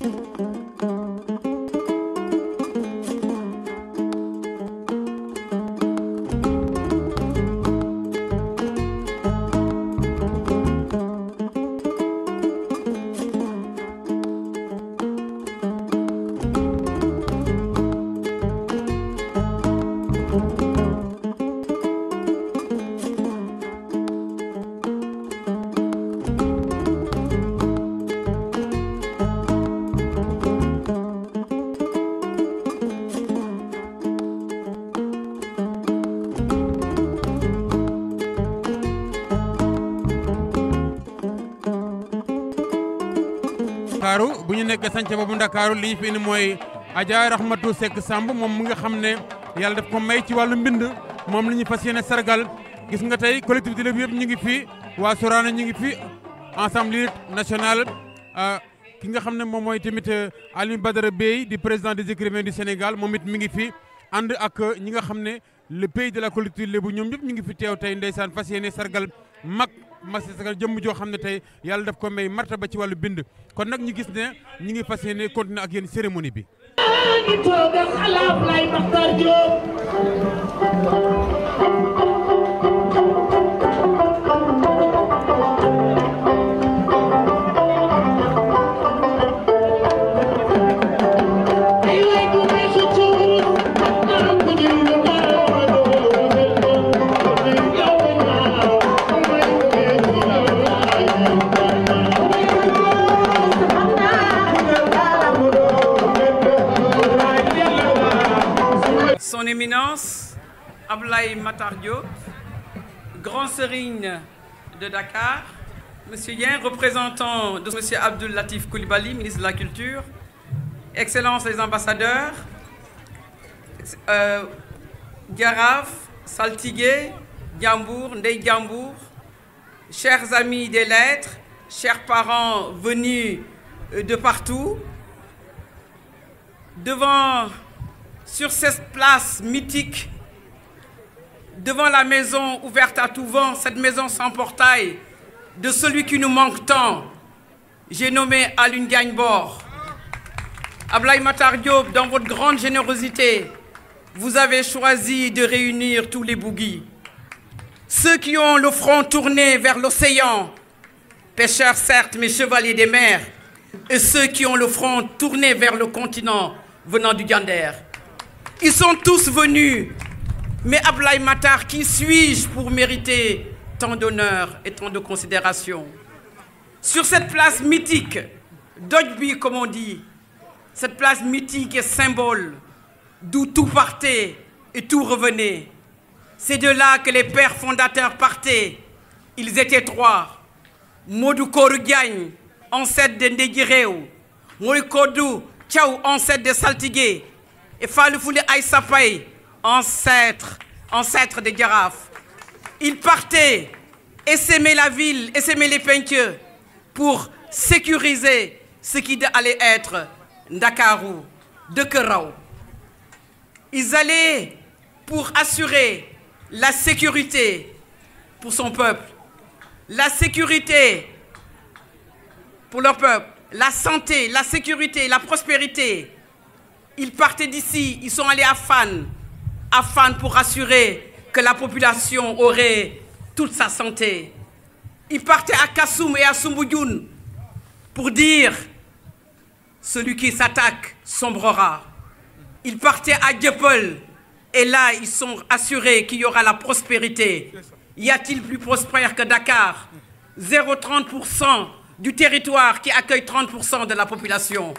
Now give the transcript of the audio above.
thank you ndakaaru bu ñu nekk sànce boobu ndakaaru li ñu fi indi mooy Adja Rahmatou Seck Samb moom mi nga xam ne yàlla def ko may ci wàllu mbind moom li ñu fas yéene sargal gis nga tey collectivité la bi yëpp ñu ngi fi waa Sorano ñu ngi fi assemblée nationale euh, ki nga xam ne moom mooy tamit euh, Aliou Badara Bey di président des écrivains du Sénégal moom it mi ngi fi ànd ak ñi nga xam ne le pays de la collectivité lébu ñoom ñëpp ñu ngi fi teew tey ndeysaan fas yéene sargal mag Massi Sakkal jëmm joo xam ne tey yàlla daf ko may martaba ci wàllu bind kon nag ñu gis ne ñu ngi fas yéene continuer ak yéen cérémonie bi. Ablaye Matardio, Grand Serigne de Dakar, Monsieur Yen, représentant de Monsieur Abdul Latif Koulibaly, ministre de la Culture, Excellences les ambassadeurs, euh, Garaf, Saltigué, Gambour, Ndei Gambour, chers amis des lettres, chers parents venus euh, de partout, devant, sur cette place mythique devant la maison ouverte à tout vent, cette maison sans portail, de celui qui nous manque tant, j'ai nommé Alun Gagnebor. Ablaï Matar dans votre grande générosité, vous avez choisi de réunir tous les bougies. Ceux qui ont le front tourné vers l'océan, pêcheurs certes, mais chevaliers des mers, et ceux qui ont le front tourné vers le continent venant du Gander. Ils sont tous venus Mais Ablaï Matar, qui suis-je pour mériter tant d'honneur et tant de considération Sur cette place mythique, Dodgeby comme on dit, cette place mythique et symbole d'où tout partait et tout revenait. C'est de là que les pères fondateurs partaient. Ils étaient trois. Modou Koru Diagne, ancêtre de Ndegiréou. Mori Kodou Tchaou, ancêtre de Saltigué. Et Falifouli Aïsapay, ancêtres, ancêtres des girafes. Ils partaient essaimer la ville, essaimer les peintures pour sécuriser ce qui allait être de Dekerao. Ils allaient pour assurer la sécurité pour son peuple, la sécurité pour leur peuple, la santé, la sécurité, la prospérité. Ils partaient d'ici, ils sont allés à Fan, afin pour assurer que la population aurait toute sa santé. Il partait à Kassoum et à Soumbouyoun pour dire celui qui s'attaque sombrera. Ils partaient à Dieppel et là ils sont assurés qu'il y aura la prospérité. Y a-t-il plus prospère que Dakar? 0,30% du territoire qui accueille 30% de la population.